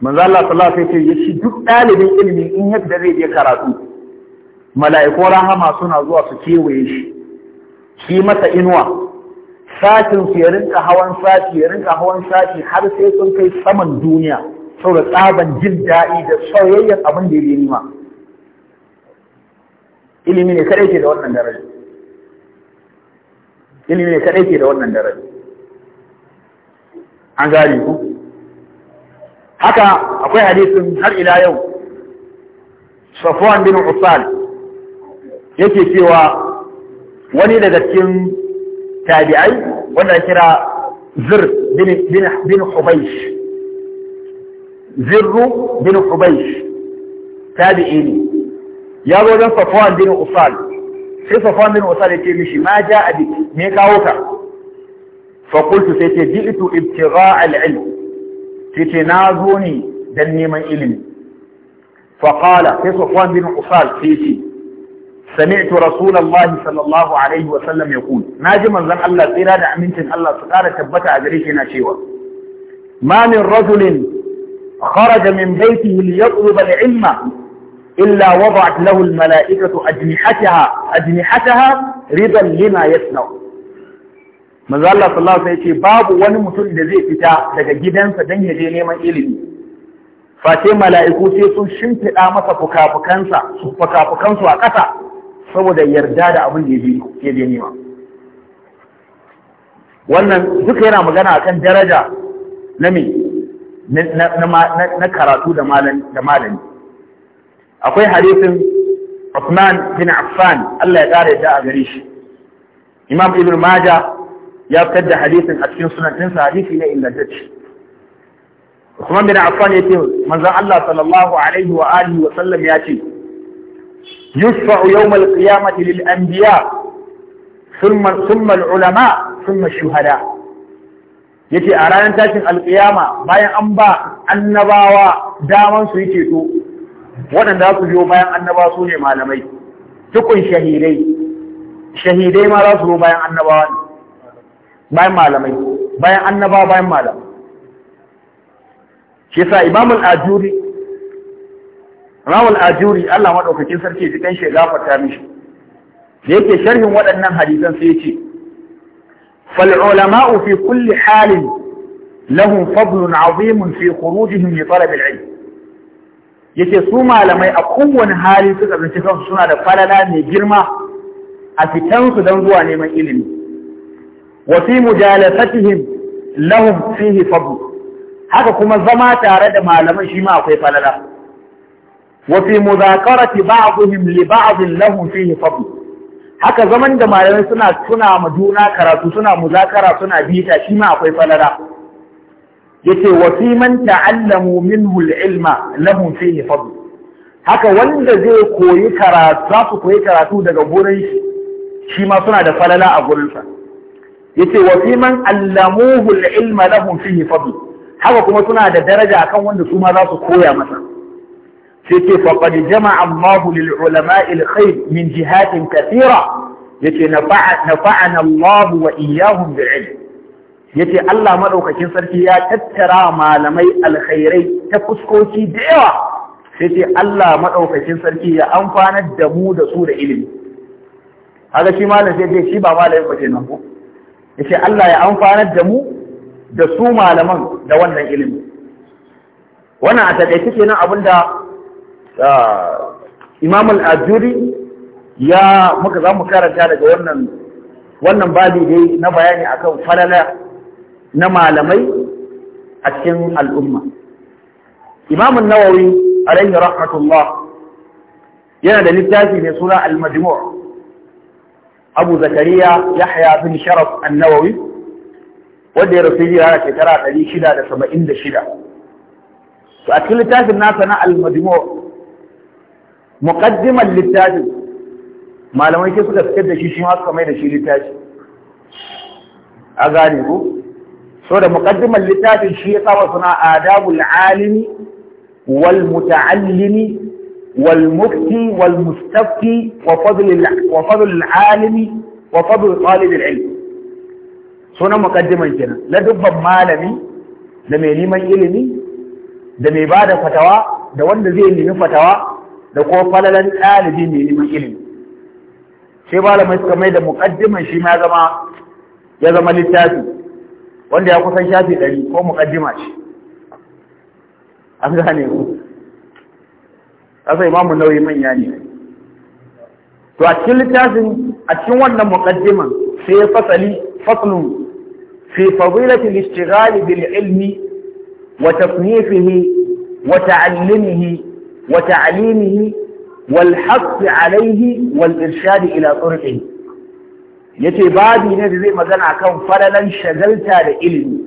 Speaker 1: manzo Allah sallallahu alaihi wasallam ya ce duk dalibin ilimi in yadda zai je karatu mala'ikun rahama suna zuwa su kewaye shi shi masa inuwa satin su ya rinka hawan sati ya rinka hawan sati har sai sun kai saman duniya saboda tsaban jin daɗi da sauyayyen abin da ya nima ilimi ne kadai ke da wannan daraja ilimi ne kadai ke da wannan daraja an gane ku haka akwai hadisin har ila yau Safwan bin Usal yake cewa wani daga cikin tabi'ai wanda kira Zir bin Hubaysh Zirru bin Hubaysh tabi'i ne ya zo don Safwan bin Usal sai Safwan bin Usal yake mishi ma ja abi me kawo ka fa qultu sai ce ji'tu ibtigha al-ilm yace na zo ne dan neman ilimi fa qala sai Sufyan bin Usal sai yace sami'tu Rasulullahi sallallahu alaihi wa sallam yaqul naji manzon Allah tsira da amincin Allah su kara tabbata a gare shi yana cewa ma min rajulin kharaja min baytihi liyatlub al-ilm illa wada'at lahu al-mala'ikatu ajnihataha ajnihataha ridan lima yasna'u manzo Allah sallallahu alaihi wasallam babu wani mutum da zai fita daga gidansa dan ya je neman ilimi face mala'iku sai sun shimfida masa fukafukansa su fukafukansu a ƙasa saboda yarda da abin da ya je nema wannan duka yana magana akan daraja na me na karatu da malami akwai hadisin Uthman bin Affan Allah ya kare yadda a gare shi Imam Ibn Majah ya fitar da hadisin a cikin sunan ɗinsa hadisi ne ingantacce Usman bin Affan ya ce manzon Allah sallallahu alaihi wa alihi wa sallam ya ce yusfa'u yawm al-qiyamati lil anbiya thumma thumma al-ulama thumma shuhada yace a ranar tashin alƙiyama bayan an ba annabawa daman su yi ceto waɗanda za su biyo bayan annabawa su ne malamai tukun shahidai shahidai ma za su zo bayan annabawa ne bayan malamai bayan annaba bayan malamai shi sa, imam al-ajuri ajuri Allah madaukakin sarki ji kan shi gafarta mishi da yake sharhin waɗannan hadisan sai yace fal ulama'u fi kulli halin lahum fadlun 'azimun fi khurujihim li talab al Yake yace su malamai a kowane hali suka zanci kansu suna da falala mai girma a fitansu don zuwa neman ilimi wa fi mujalasatihim lahum fihi fadl haka kuma zama tare da malaman shi ma akwai falala wa fi muzakarati ba'dihim li ba'd lahum fihi fadl haka zaman da malamai suna tuna ma juna karatu suna muzakara suna bita shi ma akwai falala yace wa fi man ta'allamu minhu al-ilma lahum fihi fadl haka wanda zai koyi karatu za su koyi karatu daga gurin shi shi ma suna da falala a sa yace wa fi man allamuhu al-ilma lahum fihi fadl haka kuma suna da daraja akan wanda su ma za su koya masa sai ce faqad jama'a Allahu lil ulama'i al-khayr min jihatin kathira yace nafa'ana Allahu wa iyyahum bil ilm yace Allah madaukakin sarki ya tattara malamai alkhairai ta fuskoki da yawa yace Allah madaukakin sarki ya amfanar da mu da su da ilimi kaga shi malam sai ce shi ba malamin ba kenan ko yace Allah ya amfanar da mu da su malaman da wannan ilimi wannan a takaice kenan abinda ah, Imam al-Ajuri ya muka zamu karanta daga wannan wannan babi dai na bayani akan falala na malamai a cikin al'umma Imam an-Nawawi alayhi rahmatullah yana da littafi mai suna al-Majmu' abu zakariya yahya bin sharaf annawawi wanda ya rasu jira da shekara ɗari shida da saba'in da shida to a cikin littafin nasa na al-majmu muqaddiman littafin malamai ke suka fitar da shi shi ma suka mai da shi littafi a gane ku so da muqaddiman littafin shi ya saba suna adabul alimi wal muta'allimi والمفتي والمستفتي وفضل وفضل العالم وفضل طالب العلم sunan mukaddiman kenan la dubban malami da mai neman ilimi da mai bada fatawa da wanda zai nemi fatawa da ko falalan ɗalibi mai neman ilimi sai malamai suka mai da muƙaddiman shi ma zama ya zama littafi wanda ya kusan shafi ɗari ko mukaddima ce an gane ku kasa imamu nauyi manya ne to a cikin littafin a cikin wannan muqaddiman sai fasali faslun fi fadilati al-ishtighal bil ilmi wa tasnifihi wa ta'allimihi wa ta'limihi wal haqqi alayhi wal irshad ila turqihi yace babi ne da zai magana kan falalan shagalta da ilimi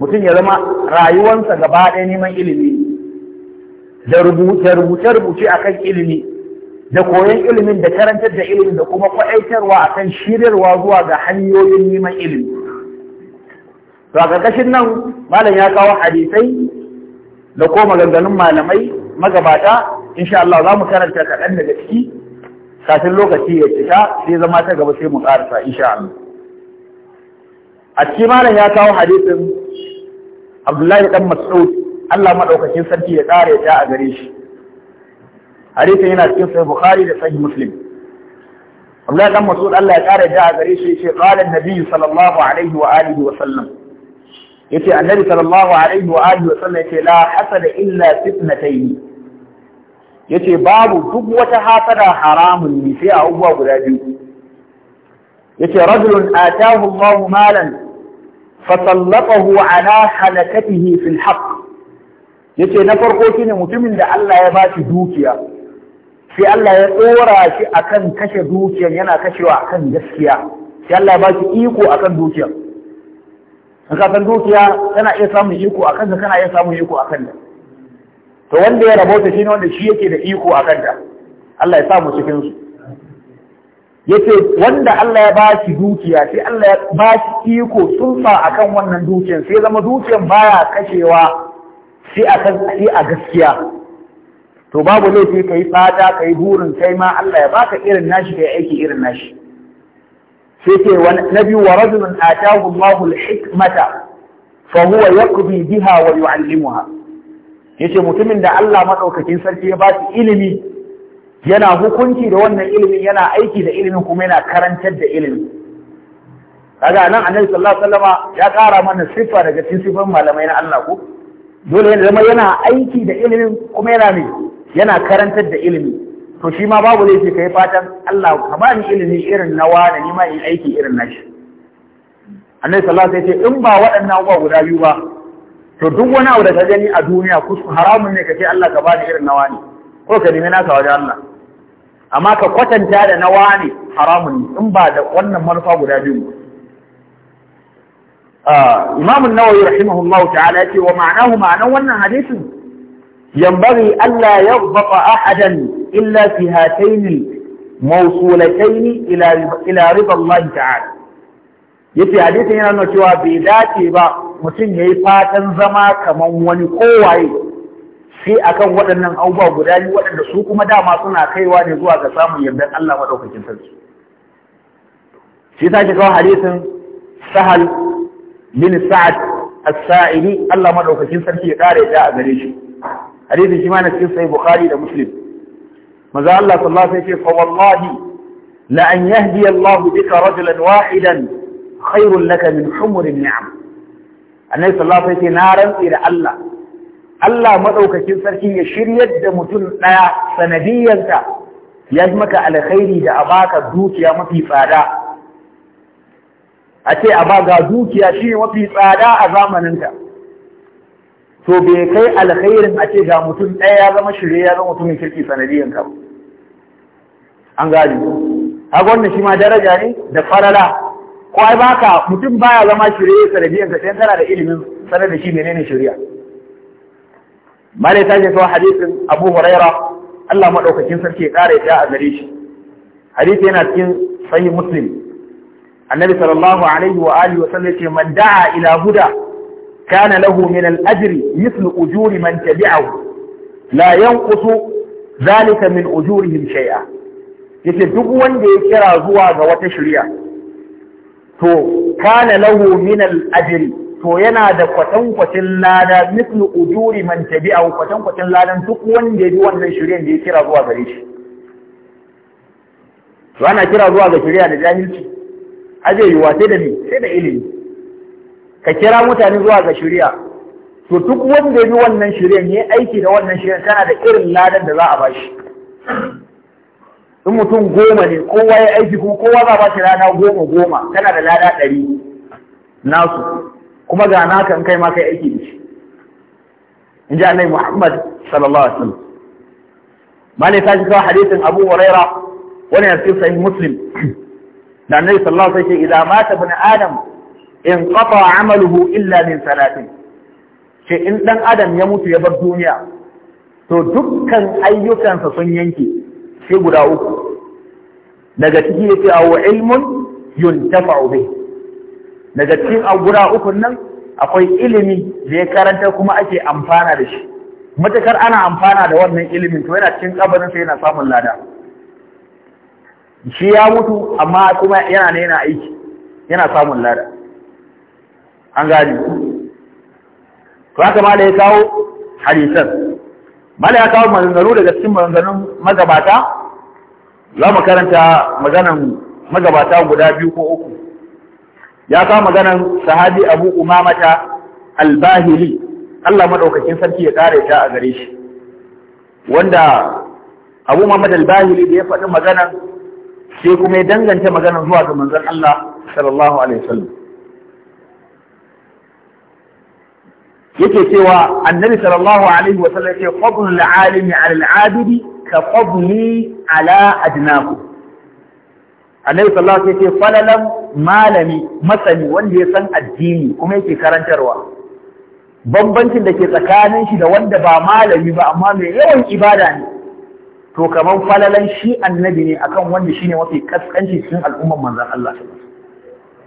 Speaker 1: mutum ya zama rayuwarsa gaba ɗaya neman ilimi da rubuce-rubuce a kan ilimi da koyon ilimin da karantar da ilimin da kuma kwaɗaitarwa a kan shirarwa zuwa ga hanyoyin neman ilimi to a ƙarƙashin nan malam ya kawo hadisai da ko maganganun malamai magabata insha Allah za mu karanta kaɗan daga ciki kafin lokaci ya cika sai zama ta gaba sai mu ƙarasa insha Allah a cikin malam ya kawo hadisin Abdullahi dan Mas'ud Allah madaukakin sarki ya kare ta a gare shi hadisin yana cikin sahih bukhari da sahih muslim Abdullahi dan Mas'ud Allah ya kare ta a gare shi yace qala an-nabi sallallahu alaihi wa alihi wa sallam yace annabi sallallahu alaihi wa alihi wa sallam yace la hasada illa fitnatayn yace babu duk wata hasada haramun ne sai a abubuwa guda biyu yace rajulun atahu Allahu malan fasallatahu ala halakatihi fil haqq yace na farko shine mutumin da Allah ya bashi dukiya sai Allah ya tsora shi akan kashe dukiyar yana kashewa akan gaskiya sai Allah ya bashi iko akan dukiyar haka ka san dukiya tana iya samun iko akan da kana iya samun iko akan da to wanda ya shi shine wanda shi yake da iko akan da Allah ya sa mu cikin su yace wanda Allah ya bashi dukiya sai Allah ya bashi iko tsufa akan wannan dukiyar sai zama dukiyar baya kashewa shi a a gaskiya to babu laifi kai fata kai burin kai ma Allah ya baka irin nashi kai aiki irin nashi sai ce na biyu wa rajulun atahu Allahu al-hikmata fa huwa yaqdi biha wa yu'allimuha yace mutumin da Allah madaukakin sarki ya basu ilimi yana hukunci da wannan ilimin yana aiki da ilimin kuma yana karantar da ilimin kaga nan annabi sallallahu alaihi wasallama ya kara mana sifa daga cikin sifan malamai na Allah ko dole yana zama yana aiki da ilimin kuma yana ne yana karantar da ilimi to shi ma babu laifi kai fatan Allah ka ba ni ilimi irin na wani ni ma in aiki irin na shi annabi sallallahu alaihi wasallam ya ce in ba waɗannan ba guda biyu ba to duk wani abu da ka gani a duniya kuskure haramun ne ka ce Allah ka ba ni irin na wani ko ka nemi naka wajen Allah amma ka kwatanta da na wani haramun ne in ba da wannan manufa guda biyu Imam an-Nawawi rahimahullahu ta'ala yace wa ma'anahu ma'anan wannan hadisin yanbaghi Allah yaghdhaqa ahadan illa fi hatayn mawsulatayn ila ila ridha Allah ta'ala yace hadisin yana nuna cewa bai dace ba mutum yayi fatan zama kaman wani kowaye sai akan waɗannan abubuwa guda biyu waɗanda su kuma dama suna kaiwa ne zuwa ga samun yardar Allah maɗaukakin sarki. Shi sake kawo hadisin Sahal min sa'ad as-sa'ili Allah madaukakin sarki ya kare ta a gare shi hadisi shi ma na cikin sahih bukhari da muslim maza Allah sallallahu alaihi wasallam ya fa wallahi la an yahdi Allah bika rajulan wahidan khairun laka min humur ni'am annabi sallallahu alaihi wasallam na rantsi da Allah Allah madaukakin sarki ya shiryar da mutum daya sanadiyarsa ya maka alkhairi da abaka dukiya mafi tsada a ce a ba ga dukiya shi mafi tsada a zamaninta to bai kai alkhairin a ce ga mutum ɗaya ya zama shirye ya zama mutumin kirki sanadiyan ka an gani haka wannan shi ma daraja ne da farala ko ai baka mutum baya zama shirye sanadiyan ka sai kana da ilimin sanar da shi menene shirya. malai ta ce to hadisin Abu Huraira Allah madaukakin sarki ya kare ya a gare shi hadisi yana cikin sahih Muslim annabi sallallahu alaihi wa alihi wa sallam ce man da'a ila huda kana lahu min al-ajri mithlu ujuri man tabi'ahu la yanqusu zalika min ujurihim shay'a yace duk wanda ya kira zuwa ga wata shari'a to kana lahu min al-ajri to yana da kwatan kwatankwacin lada mithlu ujuri man tabi'ahu kwatankwacin ladan duk wanda ya bi wannan shari'a da ya kira zuwa gare shi to ana kira zuwa ga shari'a da jahilci aje yiwa sai da ni sai da ilimi ka kira mutane zuwa ga shari'a to duk wanda ya bi wannan shari'a ne aiki da wannan shari'a kana da irin ladan da za a bashi in mutum goma ne kowa ya aiki kuma kowa za a shi rana goma goma tana da lada ɗari nasu kuma ga naka in kai ma kai aiki da shi in ji annabi Muhammad sallallahu alaihi wasallam malai ta ji kawo hadisin Abu Huraira wani ya sahih Muslim da annabi sallallahu alaihi wasallam idan mata bin adam in qata amaluhu illa min salatin ce in dan adam ya mutu ya bar duniya to dukkan ayyukansa sun yanke sai guda uku daga ciki yace aw ilmun yuntafa'u bi daga cikin guda uku nan akwai ilimi da ya karanta kuma ake amfana da shi matakar ana amfana da wannan ilimin to yana cikin kabarin sai yana samun lada shi ya mutu amma kuma yana ne yana aiki yana samun lada an gani to haka ma da ya kawo hadisan mala ya kawo maganganu daga cikin maganganun magabata za mu karanta maganan magabata guda biyu ko uku ya kawo maganan sahabi abu umamata albahili Allah madaukakin sarki ya kare ta a gare shi wanda abu umamata albahili da ya faɗi maganan sai kuma ya danganta magana zuwa ga manzon Allah sallallahu alaihi wasallam yake cewa annabi sallallahu alaihi wasallam yake fadlul alimi ala al'abidi ka fadli ala adnaku annabi sallallahu alaihi wasallam yake falalan malami masani wanda ya san addini kuma yake karantarwa bambancin da ke tsakanin shi da wanda ba malami ba amma mai yawan ibada ne to kamar falalan shi annabi ne akan wanda shine mafi kaskanci cikin al'umman manzon Allah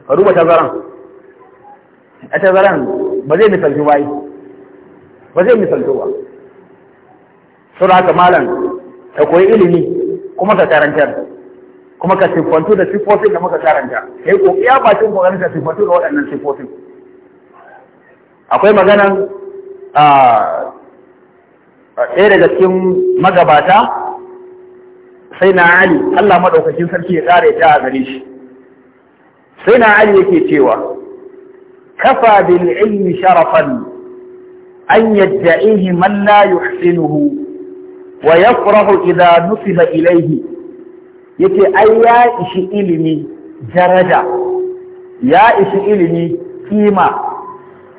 Speaker 1: ka duba tazaran a tazaran ba zai misalci wai ba zai misalci ba sura ta malam ta koyi ilimi kuma ka karanta kuma ka sifantu da siffofin da muka karanta kai ko iya bakin kokarin ka siffantu da waɗannan siffofin akwai maganan ah, ɗaya daga cikin magabata sai na ali Allah madaukakin sarki ya kare ta a gare shi sai na ali yake cewa kafa bil ilmi sharafan an yadda'ihi man la yuhsinuhu wa yafrahu idha nusiba ilayhi yace ai ya ishi ilimi daraja ya ishi ilimi kima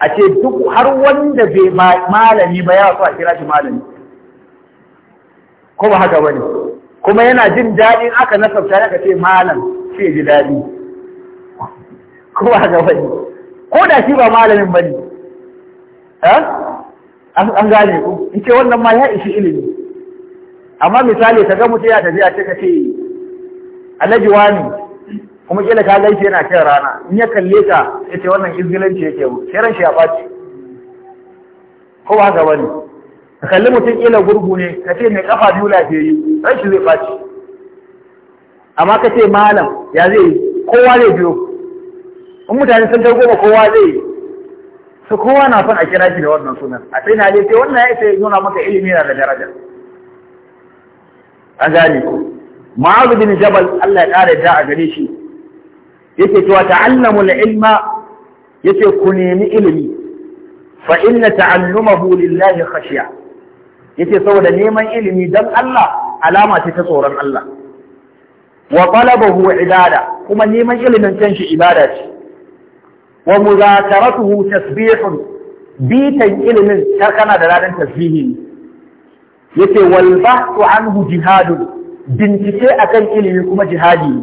Speaker 1: a ce duk har wanda bai malami ba ya so a kira shi malami ko ba haka bane kuma yana jin daɗi aka nasabta aka ce malam sai ji daɗi kuma ga wani ko da shi ba malamin ba ne an gane ku in ce wannan ma ya ishi ilimi amma misali ka ga mutum ya tafiya ce ka ce alhaji wani kuma kila ka gaishe yana kyan rana in ya kalle ka ya ce wannan izgilanci yake mu sai ran shi ya ɓaci ko ba ga wani ka kalli mutum ƙila gurgu ne ka ce mai kafa biyu lafiyayi, ran shi zai faci amma ka ce malam ya zai yi kowa zai biyo in mutane sun kai ba kowa zai yi su kowa na son a kira shi da wannan sunan a sai na dai sai wannan ya ya nuna maka ilimi na da daraja an gane ko ma'azu bin jabal Allah ya ƙara da a gare shi yake cewa ta'allamul ilma yace ku nemi ilimi fa inna ta'allumahu lillahi khashiya yace saboda neman ilimi dan Allah alama ce ta tsoron Allah wa talabahu ibada kuma neman ilimin kanshi ibada ce wa muzakaratuhu tasbihun bitan ilimin kar kana da ranar tasbihi yace wal bahthu anhu jihadun bincike akan ilimi kuma jihadi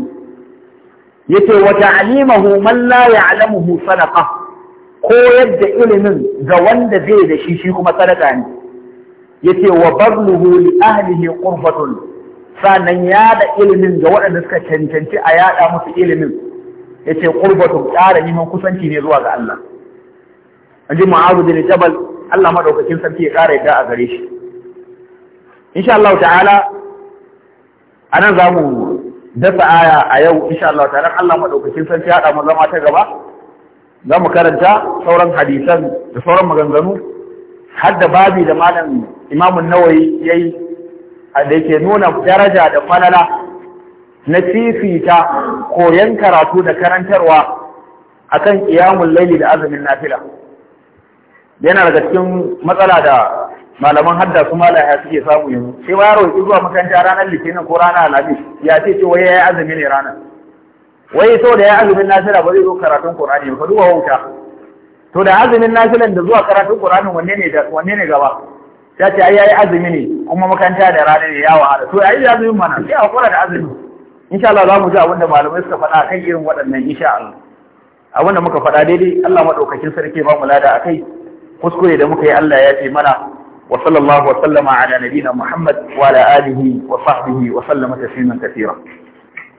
Speaker 1: yace wa ta'limahu man la ya'lamuhu sadaqa koyar da ilimin ga wanda bai da shi shi kuma sadaka ne yace wa bagluhu li ahlihi qurfatun ya yada ilimin ga waɗanda suka cancanci a yada musu ilimin yace qurbatun ƙara neman kusanci ne zuwa ga Allah anji mu'azu bin jabal Allah madaukakin sarki ya ƙara yadda a gare shi insha Allah ta'ala anan za mu dasa aya a yau insha Allah ta'ala Allah madaukakin sarki ya hada mu zama ta gaba za mu karanta sauran hadisan da sauran maganganu har da babi da malam imamun nawayi ya yi da yake nuna daraja da falala na fifita koyon karatu da karantarwa akan iyamun laili da azumin nafila yana daga cikin matsala da malaman hadda su malaya suke samu yanzu sai yaro ya zuwa makaranta ranar litinin ko ranar alhamis ya ce ce wai yayi azumi ne ranar wai so da yayi azumin nafila ba zai zo karatun qur'ani ba duba wauta to da azumin nafilan da zuwa karatun Qur'anin wanne ne wanne ne gaba ya ce ai yayi azumi ne kuma makaranta da rana ne ya wahala to yayi azumin mana sai hakura da azumi insha Allah za mu ji abinda malamai suka faɗa kan irin waɗannan insha Allah abin da muka faɗa daidai Allah madaukakin sarki ba mu lada akai kuskure da muka yi Allah ya ce mana wa sallallahu wa sallama ala nabiyina Muhammad wa ala alihi wa sahbihi wa sallama kathira